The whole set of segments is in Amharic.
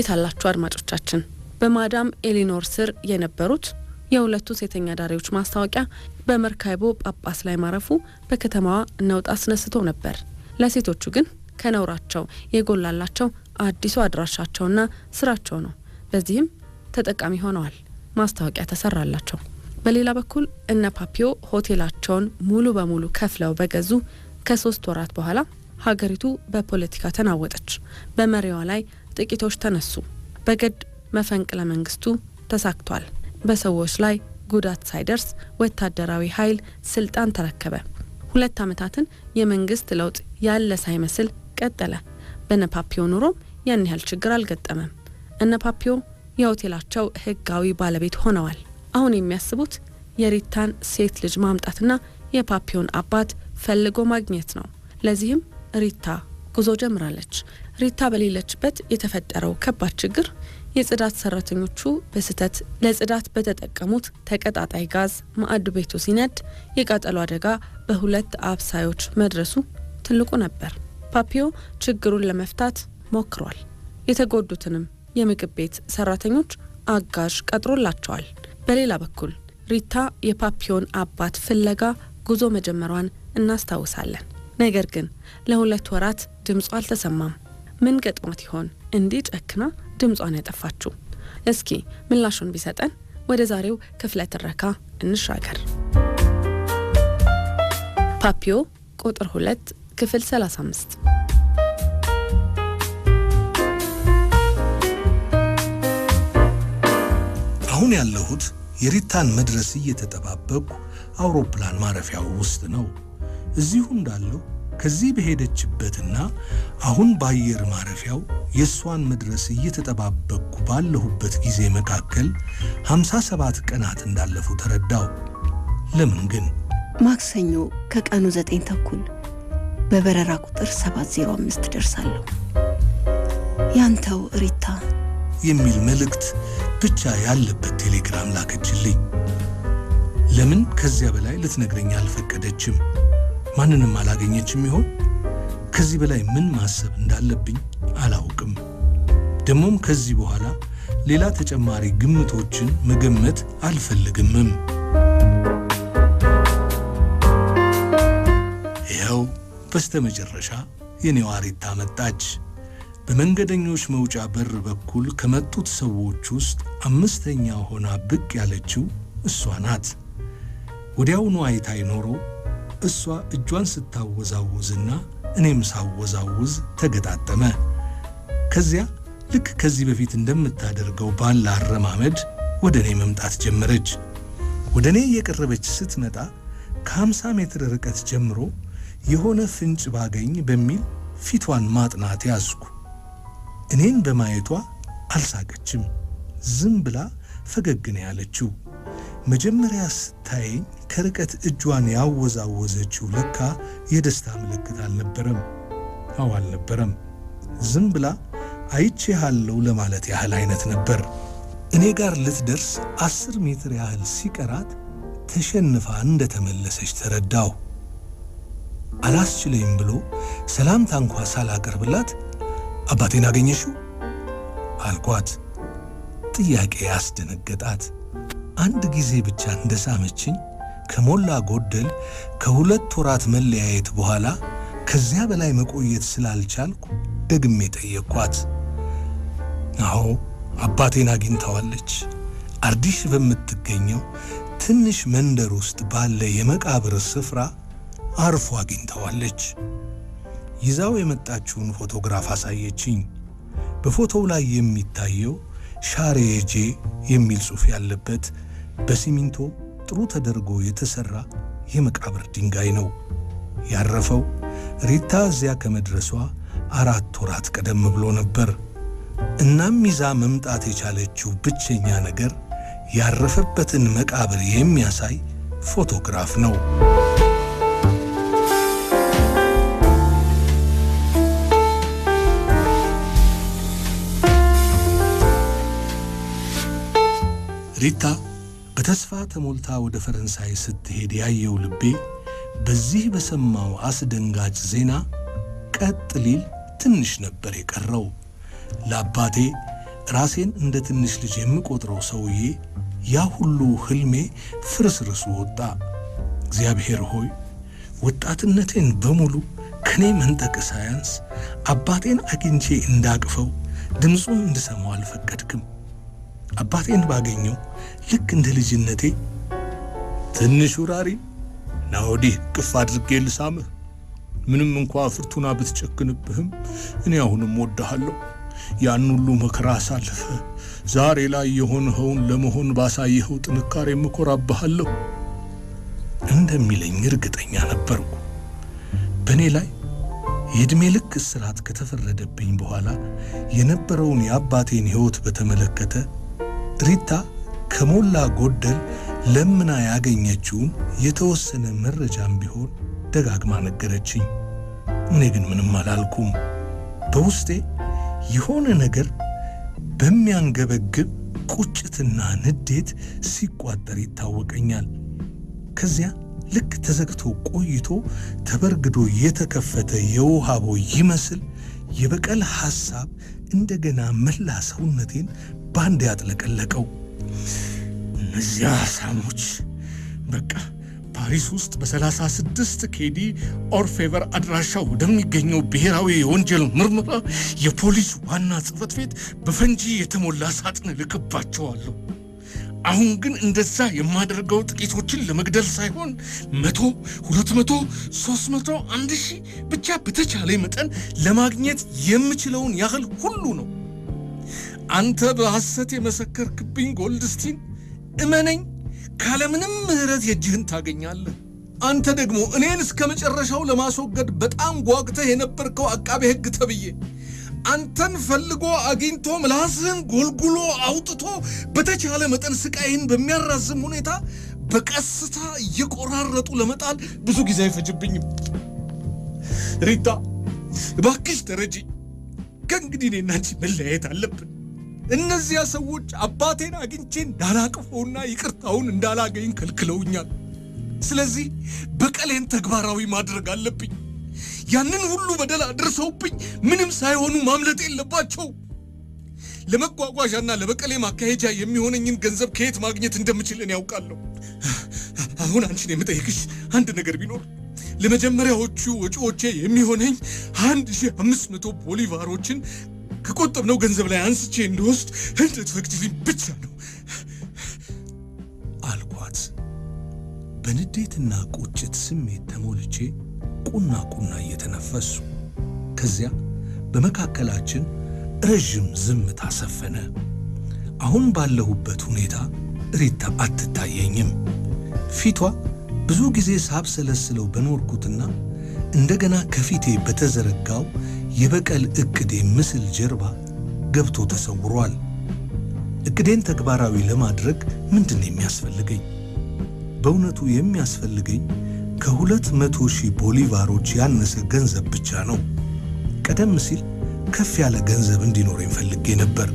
እንዴት አላችሁ አድማጮቻችን? በማዳም ኤሊኖር ስር የነበሩት የሁለቱ ሴተኛ ዳሪዎች ማስታወቂያ በመርካይቦ ጳጳስ ላይ ማረፉ በከተማዋ ነውጥ አስነስቶ ነበር። ለሴቶቹ ግን ከነውራቸው የጎላላቸው አዲሱ አድራሻቸውና ስራቸው ነው። በዚህም ተጠቃሚ ሆነዋል። ማስታወቂያ ተሰራላቸው። በሌላ በኩል እነ ፓፒዮ ሆቴላቸውን ሙሉ በሙሉ ከፍለው በገዙ ከሶስት ወራት በኋላ ሀገሪቱ በፖለቲካ ተናወጠች። በመሪዋ ላይ ጥቂቶች ተነሱ። በግድ መፈንቅለ መንግስቱ ተሳክቷል። በሰዎች ላይ ጉዳት ሳይደርስ ወታደራዊ ኃይል ስልጣን ተረከበ። ሁለት ዓመታትን የመንግስት ለውጥ ያለ ሳይመስል ቀጠለ። በነፓፒዮ ኑሮም ያን ያህል ችግር አልገጠመም። እነፓፒዮ የሆቴላቸው ህጋዊ ባለቤት ሆነዋል። አሁን የሚያስቡት የሪታን ሴት ልጅ ማምጣትና የፓፒዮን አባት ፈልጎ ማግኘት ነው። ለዚህም ሪታ ጉዞ ጀምራለች። ሪታ በሌለችበት የተፈጠረው ከባድ ችግር የጽዳት ሰራተኞቹ በስህተት ለጽዳት በተጠቀሙት ተቀጣጣይ ጋዝ ማዕድ ቤቱ ሲነድ የቃጠሎ አደጋ በሁለት አብሳዮች መድረሱ ትልቁ ነበር። ፓፒዮ ችግሩን ለመፍታት ሞክሯል። የተጎዱትንም የምግብ ቤት ሰራተኞች አጋዥ ቀጥሮላቸዋል። በሌላ በኩል ሪታ የፓፒዮን አባት ፍለጋ ጉዞ መጀመሯን እናስታውሳለን። ነገር ግን ለሁለት ወራት ድምፁ አልተሰማም። ምን ገጥሟት ይሆን እንዲህ ጨክና ድምጿን ያጠፋችው? እስኪ ምላሹን ቢሰጠን ወደ ዛሬው ክፍለ ትረካ እንሻገር። ፓፒዮ ቁጥር 2 ክፍል 35 አሁን ያለሁት የሪታን መድረስ እየተጠባበቁ አውሮፕላን ማረፊያው ውስጥ ነው። እዚሁ እንዳለው ከዚህ በሄደችበትና አሁን በአየር ማረፊያው የእሷን መድረስ እየተጠባበቅኩ ባለሁበት ጊዜ መካከል 57 ቀናት እንዳለፉ ተረዳው። ለምን ግን? ማክሰኞ ከቀኑ 9 ተኩል በበረራ ቁጥር 705 ደርሳለሁ። ያንተው ሪታ የሚል መልእክት ብቻ ያለበት ቴሌግራም ላከችልኝ። ለምን ከዚያ በላይ ልትነግረኝ አልፈቀደችም? ማንንም አላገኘችም ይሆን? ከዚህ በላይ ምን ማሰብ እንዳለብኝ አላውቅም። ደግሞም ከዚህ በኋላ ሌላ ተጨማሪ ግምቶችን መገመት አልፈልግምም። ይኸው በስተ መጨረሻ የኔዋ ሪታ መጣች። በመንገደኞች መውጫ በር በኩል ከመጡት ሰዎች ውስጥ አምስተኛ ሆና ብቅ ያለችው እሷ ናት። ወዲያውኑ አይታይ ኖሮ እሷ እጇን ስታወዛውዝና እኔም ሳወዛውዝ ተገጣጠመ። ከዚያ ልክ ከዚህ በፊት እንደምታደርገው ባለ አረማመድ ወደ እኔ መምጣት ጀመረች። ወደ እኔ እየቀረበች ስትመጣ ከ50 ሜትር ርቀት ጀምሮ የሆነ ፍንጭ ባገኝ በሚል ፊቷን ማጥናት ያዝኩ። እኔን በማየቷ አልሳቀችም። ዝም ብላ ፈገግ ነው ያለችው። መጀመሪያ ስታየኝ ከርቀት እጇን ያወዛወዘችው ለካ የደስታ ምልክት አልነበረም። አዎ አልነበረም። ዝም ብላ ያለው ለማለት ያህል አይነት ነበር። እኔ ጋር ልትደርስ አስር ሜትር ያህል ሲቀራት ተሸንፋ እንደተመለሰች ተረዳሁ። አላስችለኝም ብሎ ሰላምታ እንኳ ሳላቀርብላት አባቴን አገኘሽው አልኳት። ጥያቄ ያስደነገጣት አንድ ጊዜ ብቻ እንደሳመችኝ ከሞላ ጎደል ከሁለት ወራት መለያየት በኋላ ከዚያ በላይ መቆየት ስላልቻልኩ ደግሜ ጠየቅኳት። አዎ አባቴን አግኝታዋለች። አርዲሽ በምትገኘው ትንሽ መንደር ውስጥ ባለ የመቃብር ስፍራ አርፎ አግኝታዋለች። ይዛው የመጣችውን ፎቶግራፍ አሳየችኝ። በፎቶው ላይ የሚታየው ሻሬጄ የሚል ጽሑፍ ያለበት በሲሚንቶ ጥሩ ተደርጎ የተሰራ የመቃብር ድንጋይ ነው። ያረፈው ሪታ እዚያ ከመድረሷ አራት ወራት ቀደም ብሎ ነበር። እናም ይዛ መምጣት የቻለችው ብቸኛ ነገር ያረፈበትን መቃብር የሚያሳይ ፎቶግራፍ ነው። ሪታ በተስፋ ተሞልታ ወደ ፈረንሳይ ስትሄድ ያየው ልቤ በዚህ በሰማው አስደንጋጭ ዜና ቀጥ ሊል ትንሽ ነበር የቀረው። ለአባቴ ራሴን እንደ ትንሽ ልጅ የምቆጥረው ሰውዬ ያ ሁሉ ሕልሜ ፍርስርሱ ወጣ። እግዚአብሔር ሆይ ወጣትነቴን በሙሉ ከኔ መንጠቅ ሳያንስ አባቴን አግኝቼ እንዳቅፈው ድምፁን እንድሰማው አልፈቀድክም። አባቴን ባገኘው ልክ እንደ ልጅነቴ ትንሽ ውራሪ ና ወዲህ ቅፍ አድርጌ ልሳምህ፣ ምንም እንኳ ፍርቱና ብትጨክንብህም እኔ አሁንም ወድሃለሁ። ያን ሁሉ መከራ አሳልፈ ዛሬ ላይ የሆንኸውን ለመሆን ባሳየኸው ጥንካሬ እኮራብሃለሁ እንደሚለኝ እርግጠኛ ነበርኩ። በእኔ ላይ የዕድሜ ልክ እስራት ከተፈረደብኝ በኋላ የነበረውን የአባቴን ሕይወት በተመለከተ ሪታ ከሞላ ጎደል ለምና ያገኘችውን የተወሰነ መረጃም ቢሆን ደጋግማ ነገረችኝ። እኔ ግን ምንም አላልኩም። በውስጤ የሆነ ነገር በሚያንገበግብ ቁጭትና ንዴት ሲቋጠር ይታወቀኛል። ከዚያ ልክ ተዘግቶ ቆይቶ ተበርግዶ የተከፈተ የውሃ ቦይ ይመስል የበቀል ሐሳብ እንደገና መላ ሰውነቴን ባንድ ያጥለቀለቀው። እነዚያ ሳሞች በቃ ፓሪስ ውስጥ በሰላሳ ስድስት ኬዲ ኦርፌቨር አድራሻ ወደሚገኘው ብሔራዊ የወንጀል ምርመራ የፖሊስ ዋና ጽህፈት ቤት በፈንጂ የተሞላ ሳጥን ልክባቸዋለሁ። አሁን ግን እንደዛ የማደርገው ጥቂቶችን ለመግደል ሳይሆን መቶ ሁለት መቶ ሶስት መቶ አንድ ሺህ ብቻ በተቻለ መጠን ለማግኘት የምችለውን ያህል ሁሉ ነው። አንተ በሐሰት የመሰከርክብኝ ጎልድስቲን፣ እመነኝ ካለምንም ምሕረት የእጅህን ታገኛለህ። አንተ ደግሞ እኔን እስከ መጨረሻው ለማስወገድ በጣም ጓግተህ የነበርከው አቃቤ ሕግ ተብዬ አንተን ፈልጎ አግኝቶ ምላስህን ጎልጉሎ አውጥቶ በተቻለ መጠን ስቃይህን በሚያራዝም ሁኔታ በቀስታ እየቆራረጡ ለመጣል ብዙ ጊዜ አይፈጅብኝም። ሪታ እባክሽ ተረጂ። ከእንግዲህ እኔና አንቺ መለያየት አለብን። እነዚያ ሰዎች አባቴን አግኝቼ እንዳላቅፈውና ይቅርታውን እንዳላገኝ ከልክለውኛል። ስለዚህ በቀሌን ተግባራዊ ማድረግ አለብኝ። ያንን ሁሉ በደል አድርሰውብኝ ምንም ሳይሆኑ ማምለጥ የለባቸው። ለመጓጓዣና ለበቀሌ ማካሄጃ የሚሆነኝን ገንዘብ ከየት ማግኘት እንደምችል እኔ ያውቃለሁ። አሁን አንቺን የምጠይቅሽ አንድ ነገር ቢኖር ለመጀመሪያዎቹ ወጪዎቼ የሚሆነኝ አንድ ሺህ አምስት መቶ ቦሊቫሮችን ከቆጠብነው ገንዘብ ላይ አንስቼ እንደወስድ እንድትፈቅጂልኝ ብቻ ነው አልኳት። በንዴትና ቁጭት ስሜት ተሞልቼ ቁና ቁና እየተነፈሱ ከዚያ በመካከላችን ረዥም ዝምታ ሰፈነ። አሁን ባለሁበት ሁኔታ ሪታ አትታየኝም። ፊቷ ብዙ ጊዜ ሳብሰለስለው በኖርኩትና እንደገና ከፊቴ በተዘረጋው የበቀል እቅዴ ምስል ጀርባ ገብቶ ተሰውሯል። እቅዴን ተግባራዊ ለማድረግ ምንድን የሚያስፈልገኝ? በእውነቱ የሚያስፈልገኝ ከሁለት መቶ ሺህ ቦሊቫሮች ያነሰ ገንዘብ ብቻ ነው። ቀደም ሲል ከፍ ያለ ገንዘብ እንዲኖረኝ ፈልጌ ነበር።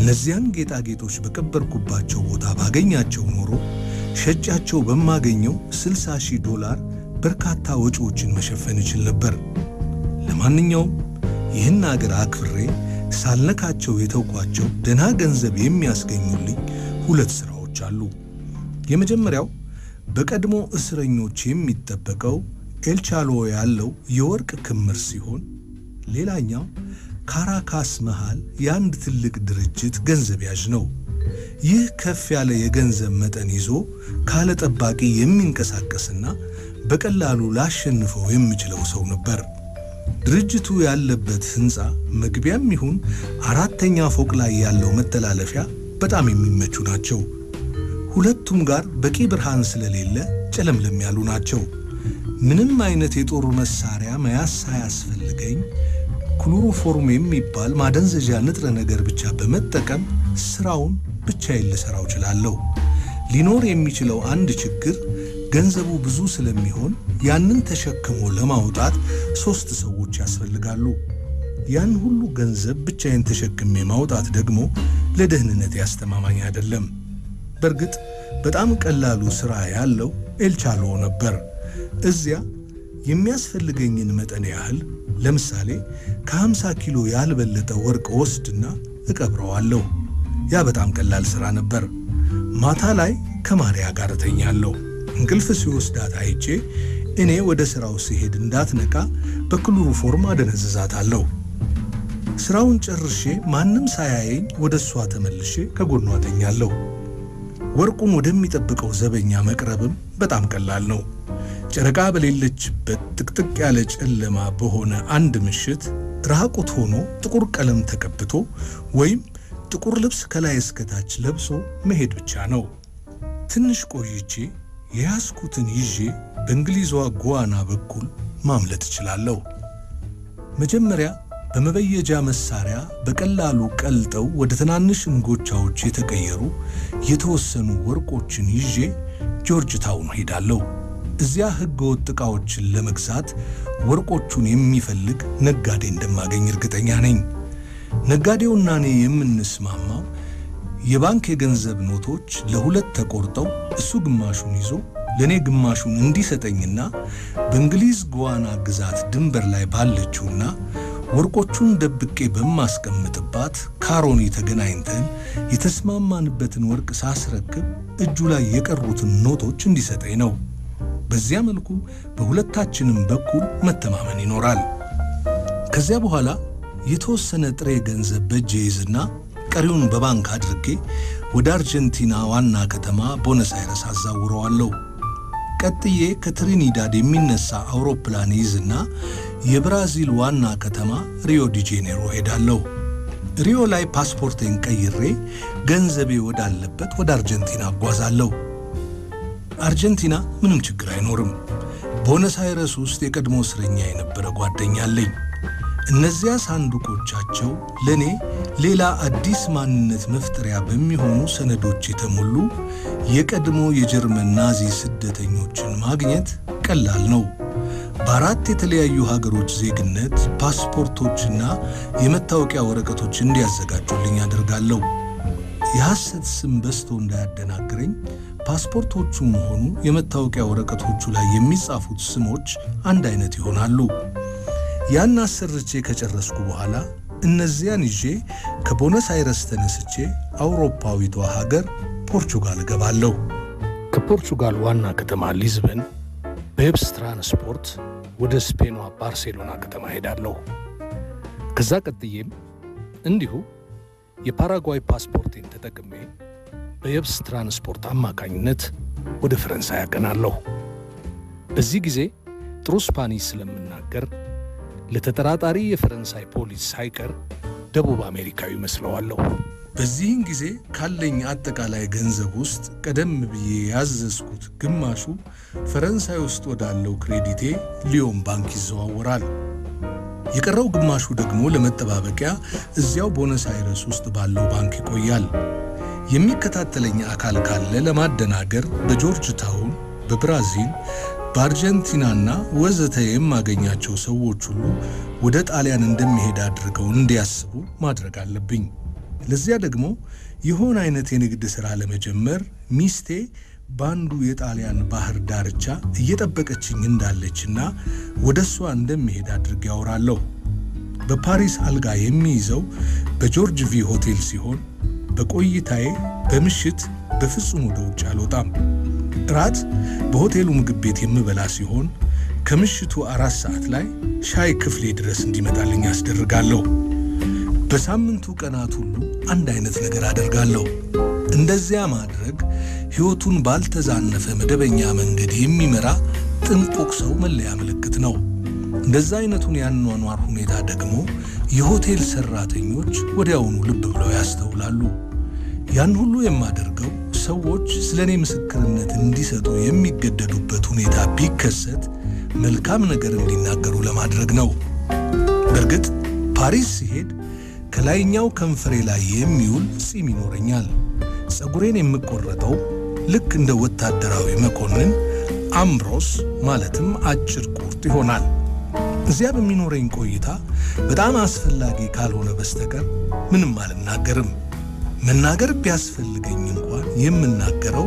እነዚያን ጌጣጌጦች በቀበርኩባቸው ቦታ ባገኛቸው ኖሮ ሸጫቸው በማገኘው 60 ሺህ ዶላር በርካታ ወጪዎችን መሸፈን ይችል ነበር። ለማንኛውም ይህን አገር አክብሬ ሳልነካቸው የተውኳቸው ደና ገንዘብ የሚያስገኙልኝ ሁለት ስራዎች አሉ። የመጀመሪያው በቀድሞ እስረኞች የሚጠበቀው ኤልቻሎ ያለው የወርቅ ክምር ሲሆን ሌላኛው ካራካስ መሃል የአንድ ትልቅ ድርጅት ገንዘብ ያዥ ነው። ይህ ከፍ ያለ የገንዘብ መጠን ይዞ ካለ ጠባቂ የሚንቀሳቀስና በቀላሉ ላሸንፈው የምችለው ሰው ነበር። ድርጅቱ ያለበት ህንፃ መግቢያም ይሁን አራተኛ ፎቅ ላይ ያለው መተላለፊያ በጣም የሚመቹ ናቸው። ሁለቱም ጋር በቂ ብርሃን ስለሌለ ጨለምለም ያሉ ናቸው። ምንም አይነት የጦር መሳሪያ መያዝ ሳያስፈልገኝ ክሎሮፎርም የሚባል ማደንዘዣ ንጥረ ነገር ብቻ በመጠቀም ስራውን ብቻዬን ልሰራው እችላለሁ። ሊኖር የሚችለው አንድ ችግር ገንዘቡ ብዙ ስለሚሆን ያንን ተሸክሞ ለማውጣት ሶስት ሰዎች ያስፈልጋሉ። ያን ሁሉ ገንዘብ ብቻዬን ተሸክሜ ማውጣት ደግሞ ለደህንነት ያስተማማኝ አይደለም። በእርግጥ በጣም ቀላሉ ሥራ ያለው ኤልቻሎ ነበር። እዚያ የሚያስፈልገኝን መጠን ያህል ለምሳሌ ከ50 ኪሎ ያልበለጠ ወርቅ ወስድና እቀብረዋለሁ። ያ በጣም ቀላል ሥራ ነበር። ማታ ላይ ከማርያ ጋር እተኛለሁ። እንቅልፍ ሲወስዳት አይቼ እኔ ወደ ሥራው ሲሄድ እንዳትነቃ በክሎሮፎርም አደነዝዛታለሁ። ሥራውን ጨርሼ ማንም ሳያየኝ ወደ እሷ ተመልሼ ከጎኗ ተኛለሁ። ወርቁን ወደሚጠብቀው ዘበኛ መቅረብም በጣም ቀላል ነው። ጨረቃ በሌለችበት ጥቅጥቅ ያለ ጨለማ በሆነ አንድ ምሽት ራቁት ሆኖ ጥቁር ቀለም ተቀብቶ ወይም ጥቁር ልብስ ከላይ እስከታች ለብሶ መሄድ ብቻ ነው። ትንሽ ቆይቼ የያዝኩትን ይዤ በእንግሊዟ ጓና በኩል ማምለጥ እችላለሁ። መጀመሪያ በመበየጃ መሳሪያ በቀላሉ ቀልጠው ወደ ትናንሽ እንጎቻዎች የተቀየሩ የተወሰኑ ወርቆችን ይዤ ጆርጅ ታውን ሄዳለሁ። እዚያ ሕገወጥ ዕቃዎችን ለመግዛት ወርቆቹን የሚፈልግ ነጋዴ እንደማገኝ እርግጠኛ ነኝ። ነጋዴውና እኔ የምንስማማ የባንክ የገንዘብ ኖቶች ለሁለት ተቆርጠው እሱ ግማሹን ይዞ ለእኔ ግማሹን እንዲሰጠኝና በእንግሊዝ ጓዋና ግዛት ድንበር ላይ ባለችውና ወርቆቹን ደብቄ በማስቀምጥባት ካሮኒ ተገናኝተን የተስማማንበትን ወርቅ ሳስረክብ እጁ ላይ የቀሩትን ኖቶች እንዲሰጠኝ ነው። በዚያ መልኩ በሁለታችንም በኩል መተማመን ይኖራል። ከዚያ በኋላ የተወሰነ ጥሬ ገንዘብ በእጄ ይዝና ቀሪውን በባንክ አድርጌ ወደ አርጀንቲና ዋና ከተማ ቦነስ አይረስ አዛውረዋለሁ። ቀጥዬ ከትሪኒዳድ የሚነሳ አውሮፕላን ይዝና የብራዚል ዋና ከተማ ሪዮ ዲ ጄኔሮ ሄዳለሁ። ሪዮ ላይ ፓስፖርቴን ቀይሬ ገንዘቤ ወዳለበት ወደ አርጀንቲና አጓዛለሁ። አርጀንቲና ምንም ችግር አይኖርም። ቦነስ አይረስ ውስጥ የቀድሞ እስረኛ የነበረ ጓደኛ አለኝ። እነዚያ ሳንዱቆቻቸው ለእኔ ሌላ አዲስ ማንነት መፍጠሪያ በሚሆኑ ሰነዶች የተሞሉ የቀድሞ የጀርመን ናዚ ስደተኞችን ማግኘት ቀላል ነው። በአራት የተለያዩ ሀገሮች ዜግነት ፓስፖርቶችና የመታወቂያ ወረቀቶች እንዲያዘጋጁልኝ አደርጋለሁ። የሐሰት ስም በዝቶ እንዳያደናግረኝ ፓስፖርቶቹም ሆኑ የመታወቂያ ወረቀቶቹ ላይ የሚጻፉት ስሞች አንድ አይነት ይሆናሉ። ያን አሰርቼ ከጨረስኩ በኋላ እነዚያን ይዤ ከቦነስ አይረስ ተነስቼ አውሮፓዊቷ ሀገር ፖርቹጋል እገባለሁ። ከፖርቹጋል ዋና ከተማ ሊዝበን በየብስ ትራንስፖርት ወደ ስፔኗ ባርሴሎና ከተማ ሄዳለሁ። ከዛ ቀጥዬም እንዲሁ የፓራጓይ ፓስፖርቴን ተጠቅሜ በየብስ ትራንስፖርት አማካኝነት ወደ ፈረንሳይ አቀናለሁ። በዚህ ጊዜ ጥሩ ስፓኒሽ ስለምናገር ለተጠራጣሪ የፈረንሳይ ፖሊስ ሳይቀር ደቡብ አሜሪካዊ መስለዋለሁ። በዚህን ጊዜ ካለኝ አጠቃላይ ገንዘብ ውስጥ ቀደም ብዬ ያዘዝኩት ግማሹ ፈረንሳይ ውስጥ ወዳለው ክሬዲቴ ሊዮን ባንክ ይዘዋወራል። የቀረው ግማሹ ደግሞ ለመጠባበቂያ እዚያው ቦነስ አይረስ ውስጥ ባለው ባንክ ይቆያል። የሚከታተለኝ አካል ካለ ለማደናገር በጆርጅ ታውን በብራዚል በአርጀንቲናና ወዘተ የማገኛቸው ሰዎች ሁሉ ወደ ጣሊያን እንደሚሄድ አድርገው እንዲያስቡ ማድረግ አለብኝ። ለዚያ ደግሞ የሆነ አይነት የንግድ ሥራ ለመጀመር ሚስቴ በአንዱ የጣሊያን ባህር ዳርቻ እየጠበቀችኝ እንዳለችና ወደ እሷ እንደሚሄድ አድርጌ ያወራለሁ። በፓሪስ አልጋ የሚይዘው በጆርጅ ቪ ሆቴል ሲሆን በቆይታዬ በምሽት በፍጹም ወደ ውጭ አልወጣም። እራት በሆቴሉ ምግብ ቤት የምበላ ሲሆን ከምሽቱ አራት ሰዓት ላይ ሻይ ክፍሌ ድረስ እንዲመጣልኝ አስደርጋለሁ። በሳምንቱ ቀናት ሁሉ አንድ አይነት ነገር አደርጋለሁ። እንደዚያ ማድረግ ሕይወቱን ባልተዛነፈ መደበኛ መንገድ የሚመራ ጥንቁቅ ሰው መለያ ምልክት ነው። እንደዛ አይነቱን ያኗኗር ሁኔታ ደግሞ የሆቴል ሰራተኞች ወዲያውኑ ልብ ብለው ያስተውላሉ። ያን ሁሉ የማደርገው ሰዎች ስለ እኔ ምስክርነት እንዲሰጡ የሚገደዱበት ሁኔታ ቢከሰት መልካም ነገር እንዲናገሩ ለማድረግ ነው። በእርግጥ ፓሪስ ሲሄድ ከላይኛው ከንፈሬ ላይ የሚውል ፂም ይኖረኛል። ፀጉሬን የምቆረጠው ልክ እንደ ወታደራዊ መኮንን አምብሮስ ማለትም አጭር ቁርጥ ይሆናል። እዚያ በሚኖረኝ ቆይታ በጣም አስፈላጊ ካልሆነ በስተቀር ምንም አልናገርም። መናገር ቢያስፈልገኝ እንኳን የምናገረው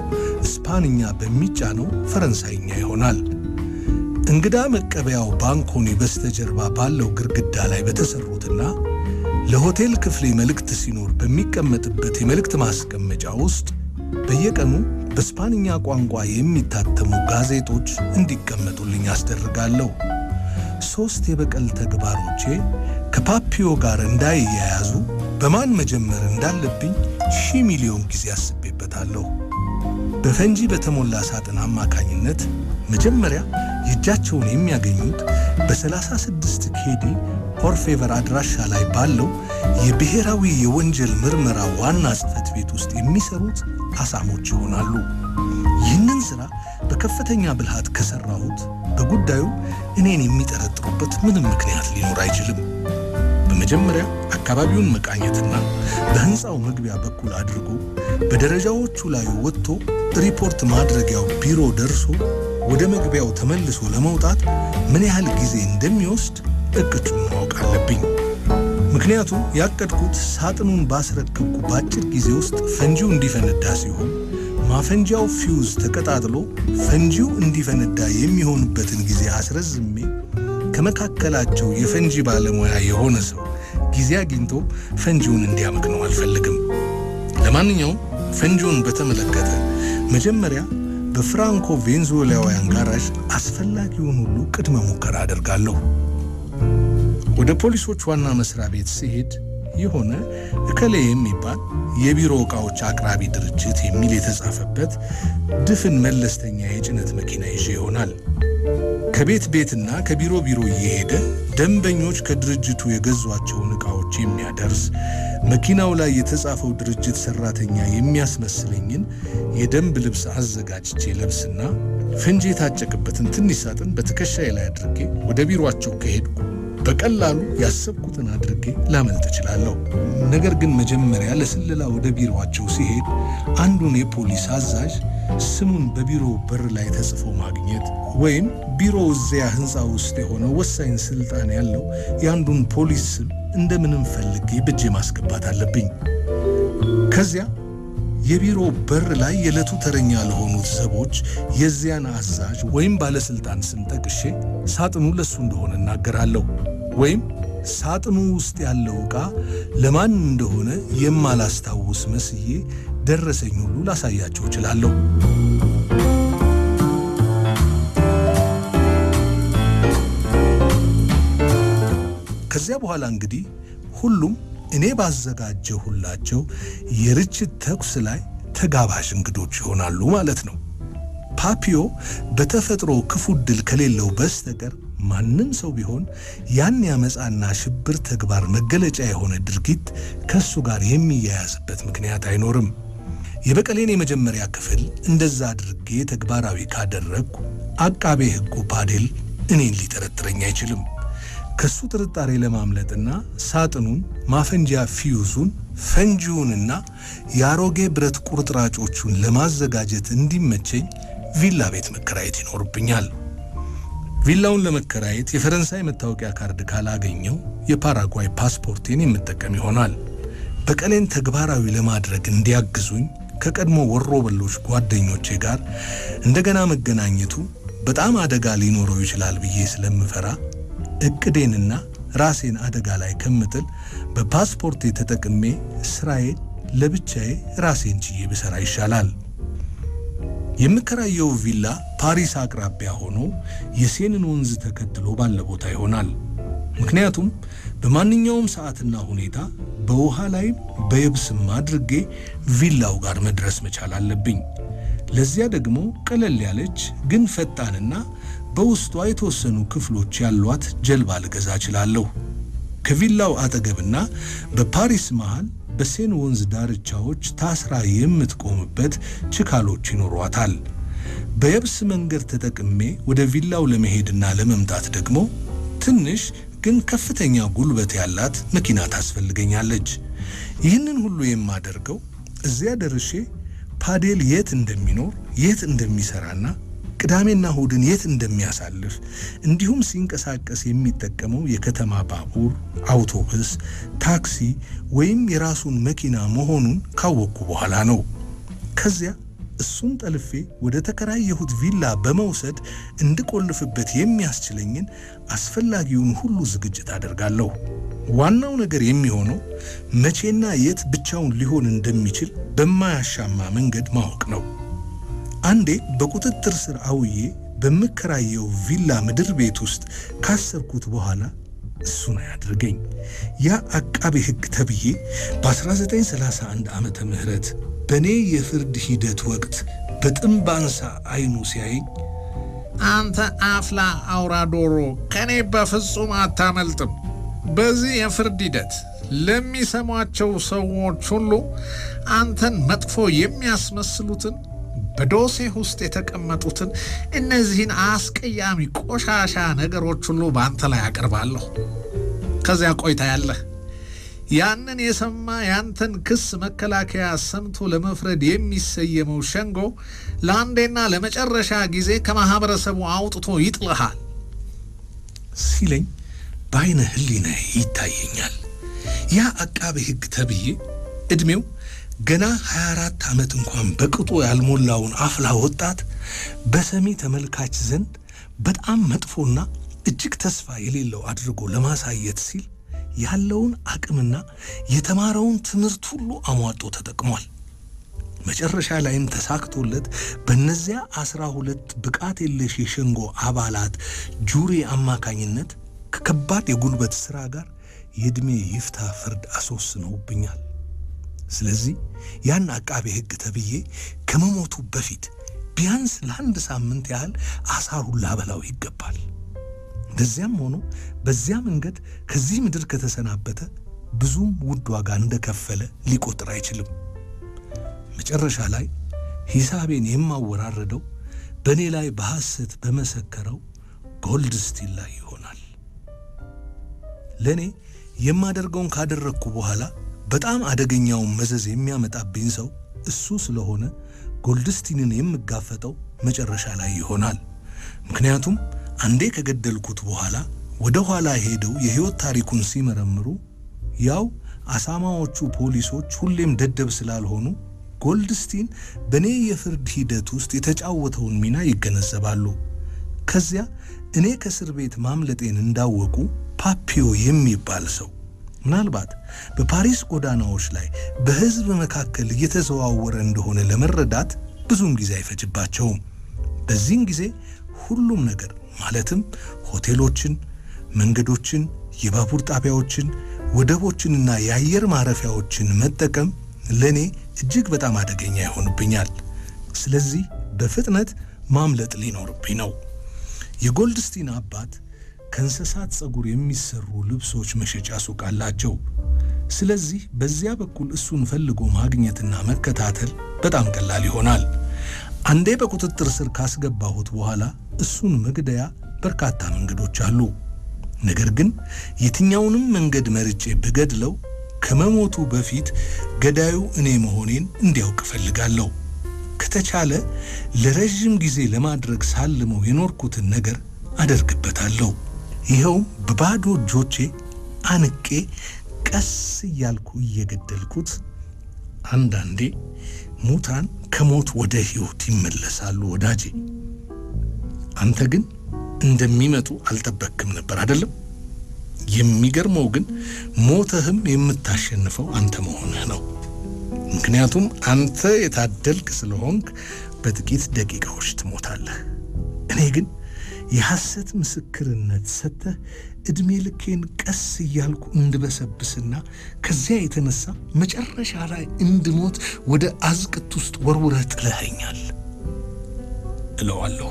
ስፓንኛ በሚጫነው ፈረንሳይኛ ይሆናል። እንግዳ መቀበያው ባንኮኒ በስተጀርባ ባለው ግድግዳ ላይ በተሰሩትና ለሆቴል ክፍሌ መልእክት ሲኖር በሚቀመጥበት የመልእክት ማስቀመጫ ውስጥ በየቀኑ በስፓንኛ ቋንቋ የሚታተሙ ጋዜጦች እንዲቀመጡልኝ አስደርጋለሁ። ሦስት የበቀል ተግባሮቼ ከፓፒዮ ጋር እንዳይያያዙ፣ በማን መጀመር እንዳለብኝ ሺህ ሚሊዮን ጊዜ አስቤበታለሁ። በፈንጂ በተሞላ ሳጥን አማካኝነት መጀመሪያ የእጃቸውን የሚያገኙት በ36 ኬዲ ኦርፌቨር አድራሻ ላይ ባለው የብሔራዊ የወንጀል ምርመራ ዋና ጽሕፈት ቤት ውስጥ የሚሰሩት አሳሞች ይሆናሉ። ይህንን ሥራ በከፍተኛ ብልሃት ከሠራሁት በጉዳዩ እኔን የሚጠረጥሩበት ምንም ምክንያት ሊኖር አይችልም። በመጀመሪያ አካባቢውን መቃኘትና በህንፃው መግቢያ በኩል አድርጎ በደረጃዎቹ ላይ ወጥቶ ሪፖርት ማድረጊያው ቢሮ ደርሶ ወደ መግቢያው ተመልሶ ለመውጣት ምን ያህል ጊዜ እንደሚወስድ እቅጩን ማወቅ አለብኝ። ምክንያቱም ያቀድኩት ሳጥኑን ባስረከብኩ በአጭር ጊዜ ውስጥ ፈንጂው እንዲፈነዳ ሲሆን ማፈንጃው ፊውዝ ተቀጣጥሎ ፈንጂው እንዲፈነዳ የሚሆንበትን ጊዜ አስረዝሜ ከመካከላቸው የፈንጂ ባለሙያ የሆነ ሰው ጊዜ አግኝቶ ፈንጂውን እንዲያመክነው አልፈልግም። ለማንኛውም ፈንጂውን በተመለከተ መጀመሪያ በፍራንኮ ቬንዙዌላውያን ጋራዥ አስፈላጊውን ሁሉ ቅድመ ሙከራ አደርጋለሁ። ወደ ፖሊሶች ዋና መስሪያ ቤት ሲሄድ የሆነ እከሌ የሚባል የቢሮ ዕቃዎች አቅራቢ ድርጅት የሚል የተጻፈበት ድፍን መለስተኛ የጭነት መኪና ይዤ ይሆናል። ከቤት ቤትና ከቢሮ ቢሮ እየሄደ ደንበኞች ከድርጅቱ የገዟቸውን ዕቃዎች የሚያደርስ መኪናው ላይ የተጻፈው ድርጅት ሰራተኛ የሚያስመስለኝን የደንብ ልብስ አዘጋጅቼ ለብስና ፈንጂ የታጨቅበትን ትንሽ ሳጥን በትከሻዬ ላይ አድርጌ ወደ ቢሮአቸው ከሄድኩ በቀላሉ ያሰብኩትን አድርጌ ላመልጥ እችላለሁ። ነገር ግን መጀመሪያ ለስለላ ወደ ቢሮአቸው ሲሄድ አንዱን የፖሊስ አዛዥ ስሙን በቢሮ በር ላይ ተጽፎ ማግኘት ወይም ቢሮ እዚያ ህንፃ ውስጥ የሆነ ወሳኝ ስልጣን ያለው የአንዱን ፖሊስ ስም እንደምንም ፈልጌ ብጄ ማስገባት አለብኝ። ከዚያ የቢሮ በር ላይ የዕለቱ ተረኛ ለሆኑት ሰዎች የዚያን አዛዥ ወይም ባለሥልጣን ስም ጠቅሼ ሳጥኑ ለሱ እንደሆነ እናገራለሁ ወይም ሳጥኑ ውስጥ ያለው ዕቃ ለማን እንደሆነ የማላስታውስ መስዬ ደረሰኝ ሁሉ ላሳያችሁ እችላለሁ። ከዚያ በኋላ እንግዲህ ሁሉም እኔ ባዘጋጀሁላቸው የርችት ተኩስ ላይ ተጋባዥ እንግዶች ይሆናሉ ማለት ነው። ፓፒዮ በተፈጥሮ ክፉ ድል ከሌለው በስተቀር ማንም ሰው ቢሆን ያን ያመፃና ሽብር ተግባር መገለጫ የሆነ ድርጊት ከእሱ ጋር የሚያያዝበት ምክንያት አይኖርም። የበቀሌን የመጀመሪያ ክፍል እንደዛ አድርጌ ተግባራዊ ካደረግኩ አቃቤ ሕጉ ፓዴል እኔን ሊጠረጥረኝ አይችልም። ከሱ ጥርጣሬ ለማምለጥና ሳጥኑን፣ ማፈንጃ ፊዩዙን፣ ፈንጂውንና የአሮጌ ብረት ቁርጥራጮቹን ለማዘጋጀት እንዲመቸኝ ቪላ ቤት መከራየት ይኖርብኛል። ቪላውን ለመከራየት የፈረንሳይ መታወቂያ ካርድ ካላገኘው የፓራጓይ ፓስፖርቴን የምጠቀም ይሆናል። በቀሌን ተግባራዊ ለማድረግ እንዲያግዙኝ ከቀድሞ ወሮ በሎች ጓደኞቼ ጋር እንደገና መገናኘቱ በጣም አደጋ ሊኖረው ይችላል ብዬ ስለምፈራ እቅዴንና ራሴን አደጋ ላይ ከምጥል በፓስፖርቴ ተጠቅሜ ስራዬን ለብቻዬ ራሴን ችዬ ብሰራ ይሻላል። የምከራየው ቪላ ፓሪስ አቅራቢያ ሆኖ የሴንን ወንዝ ተከትሎ ባለ ቦታ ይሆናል። ምክንያቱም በማንኛውም ሰዓትና ሁኔታ በውሃ ላይም በየብስም አድርጌ ቪላው ጋር መድረስ መቻል አለብኝ። ለዚያ ደግሞ ቀለል ያለች ግን ፈጣንና በውስጧ የተወሰኑ ክፍሎች ያሏት ጀልባ ልገዛ እችላለሁ። ከቪላው አጠገብና በፓሪስ መሃል በሴን ወንዝ ዳርቻዎች ታስራ የምትቆምበት ችካሎች ይኖሯታል። በየብስ መንገድ ተጠቅሜ ወደ ቪላው ለመሄድና ለመምጣት ደግሞ ትንሽ ግን ከፍተኛ ጉልበት ያላት መኪና ታስፈልገኛለች። ይህንን ሁሉ የማደርገው እዚያ ደርሼ ፓዴል የት እንደሚኖር የት እንደሚሰራና ቅዳሜና እሁድን የት እንደሚያሳልፍ እንዲሁም ሲንቀሳቀስ የሚጠቀመው የከተማ ባቡር፣ አውቶቡስ ታክሲ ወይም የራሱን መኪና መሆኑን ካወቅኩ በኋላ ነው። ከዚያ እሱን ጠልፌ ወደ ተከራየሁት ቪላ በመውሰድ እንድቆልፍበት የሚያስችለኝን አስፈላጊውን ሁሉ ዝግጅት አደርጋለሁ። ዋናው ነገር የሚሆነው መቼና የት ብቻውን ሊሆን እንደሚችል በማያሻማ መንገድ ማወቅ ነው። አንዴ በቁጥጥር ስር አውዬ በምከራየው ቪላ ምድር ቤት ውስጥ ካሰርኩት በኋላ እሱን አያድርገኝ ያ አቃቤ ሕግ ተብዬ በ1931 ዓመተ ምህረት በእኔ የፍርድ ሂደት ወቅት በጥም ባንሳ አይኑ ሲያየኝ አንተ አፍላ አውራ ዶሮ ከእኔ በፍጹም አታመልጥም። በዚህ የፍርድ ሂደት ለሚሰሟቸው ሰዎች ሁሉ አንተን መጥፎ የሚያስመስሉትን በዶሴ ውስጥ የተቀመጡትን እነዚህን አስቀያሚ ቆሻሻ ነገሮች ሁሉ በአንተ ላይ አቅርባለሁ። ከዚያ ቆይታ ያለህ ያንን የሰማ ያንተን ክስ መከላከያ ሰምቶ ለመፍረድ የሚሰየመው ሸንጎ ለአንዴና ለመጨረሻ ጊዜ ከማህበረሰቡ አውጥቶ ይጥልሃል ሲለኝ በአይነ ህሊና ይታየኛል። ያ አቃቤ ህግ ተብዬ እድሜው ገና 24 ዓመት እንኳን በቅጡ ያልሞላውን አፍላ ወጣት በሰሚ ተመልካች ዘንድ በጣም መጥፎና እጅግ ተስፋ የሌለው አድርጎ ለማሳየት ሲል ያለውን አቅምና የተማረውን ትምህርት ሁሉ አሟጦ ተጠቅሟል። መጨረሻ ላይም ተሳክቶለት በእነዚያ አስራ ሁለት ብቃት የለሽ የሸንጎ አባላት ጁሪ አማካኝነት ከከባድ የጉልበት ሥራ ጋር የዕድሜ ይፍታ ፍርድ አስወስነውብኛል። ስለዚህ ያን አቃቤ ሕግ ተብዬ ከመሞቱ በፊት ቢያንስ ለአንድ ሳምንት ያህል አሳሩን ላበላው ይገባል። እንደዚያም ሆኖ በዚያ መንገድ ከዚህ ምድር ከተሰናበተ ብዙም ውድ ዋጋ እንደከፈለ ሊቆጥር አይችልም። መጨረሻ ላይ ሂሳቤን የማወራረደው በእኔ ላይ በሐሰት በመሰከረው ጎልድ ስቲል ላይ ይሆናል። ለእኔ የማደርገውን ካደረግኩ በኋላ በጣም አደገኛውን መዘዝ የሚያመጣብኝ ሰው እሱ ስለሆነ ጎልድስቲንን የምጋፈጠው መጨረሻ ላይ ይሆናል። ምክንያቱም አንዴ ከገደልኩት በኋላ ወደ ኋላ ሄደው የህይወት ታሪኩን ሲመረምሩ ያው አሳማዎቹ ፖሊሶች ሁሌም ደደብ ስላልሆኑ ጎልድስቲን በእኔ የፍርድ ሂደት ውስጥ የተጫወተውን ሚና ይገነዘባሉ። ከዚያ እኔ ከእስር ቤት ማምለጤን እንዳወቁ ፓፒዮ የሚባል ሰው ምናልባት በፓሪስ ጎዳናዎች ላይ በሕዝብ መካከል እየተዘዋወረ እንደሆነ ለመረዳት ብዙም ጊዜ አይፈጅባቸውም። በዚህም ጊዜ ሁሉም ነገር ማለትም ሆቴሎችን፣ መንገዶችን፣ የባቡር ጣቢያዎችን፣ ወደቦችንና የአየር ማረፊያዎችን መጠቀም ለእኔ እጅግ በጣም አደገኛ ይሆንብኛል። ስለዚህ በፍጥነት ማምለጥ ሊኖርብኝ ነው። የጎልድስቲን አባት ከእንስሳት ፀጉር የሚሰሩ ልብሶች መሸጫ ሱቅ አላቸው። ስለዚህ በዚያ በኩል እሱን ፈልጎ ማግኘትና መከታተል በጣም ቀላል ይሆናል። አንዴ በቁጥጥር ስር ካስገባሁት በኋላ እሱን መግደያ በርካታ መንገዶች አሉ። ነገር ግን የትኛውንም መንገድ መርጬ ብገድለው ከመሞቱ በፊት ገዳዩ እኔ መሆኔን እንዲያውቅ እፈልጋለሁ። ከተቻለ ለረዥም ጊዜ ለማድረግ ሳልመው የኖርኩትን ነገር አደርግበታለሁ። ይኸውም በባዶ እጆቼ አንቄ ቀስ እያልኩ እየገደልኩት። አንዳንዴ ሙታን ከሞት ወደ ሕይወት ይመለሳሉ ወዳጄ። አንተ ግን እንደሚመጡ አልጠበክም ነበር አይደለም። የሚገርመው ግን ሞተህም የምታሸንፈው አንተ መሆንህ ነው። ምክንያቱም አንተ የታደልክ ስለሆንክ በጥቂት ደቂቃዎች ትሞታለህ። እኔ ግን የሐሰት ምስክርነት ሰጥተህ ዕድሜ ልኬን ቀስ እያልኩ እንድበሰብስና ከዚያ የተነሳ መጨረሻ ላይ እንድሞት ወደ አዝቅት ውስጥ ወርውረህ ጥለኸኛል እለዋለሁ።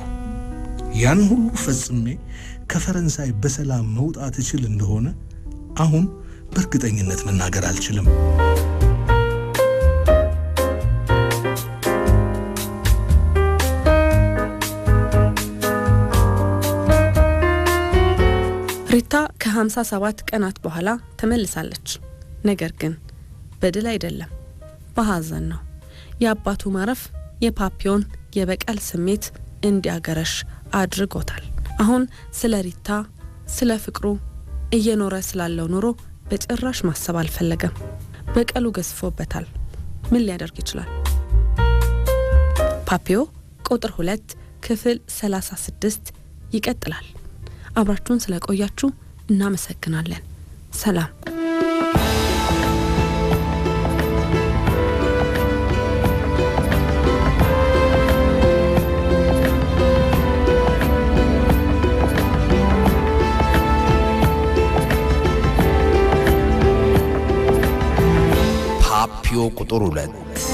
ያን ሁሉ ፈጽሜ ከፈረንሳይ በሰላም መውጣት እችል እንደሆነ አሁን በእርግጠኝነት መናገር አልችልም። ሪታ ከ57 ቀናት በኋላ ተመልሳለች። ነገር ግን በድል አይደለም፣ በሐዘን ነው። የአባቱ ማረፍ የፓፒዮን የበቀል ስሜት እንዲያገረሽ አድርጎታል። አሁን ስለ ሪታ፣ ስለ ፍቅሩ፣ እየኖረ ስላለው ኑሮ በጭራሽ ማሰብ አልፈለገም። በቀሉ ገዝፎበታል። ምን ሊያደርግ ይችላል? ፓፒዮ ቁጥር ሁለት ክፍል 36 ይቀጥላል። አብራችሁን ስለቆያችሁ እናመሰግናለን። ሰላም ቁጥር 2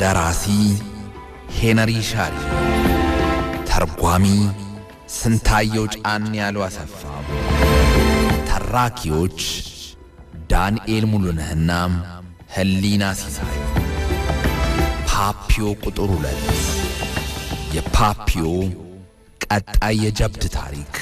ደራሲ ሄነሪ ሻሪ፣ ተርጓሚ ስንታየው ጫን ያሉ አሰፋ፣ ተራኪዎች ዳንኤል ሙሉነህና ህሊና ሲሳይ። ፓፒዮ ቁጥር 2 የፓፒዮ ቀጣይ የጀብድ ታሪክ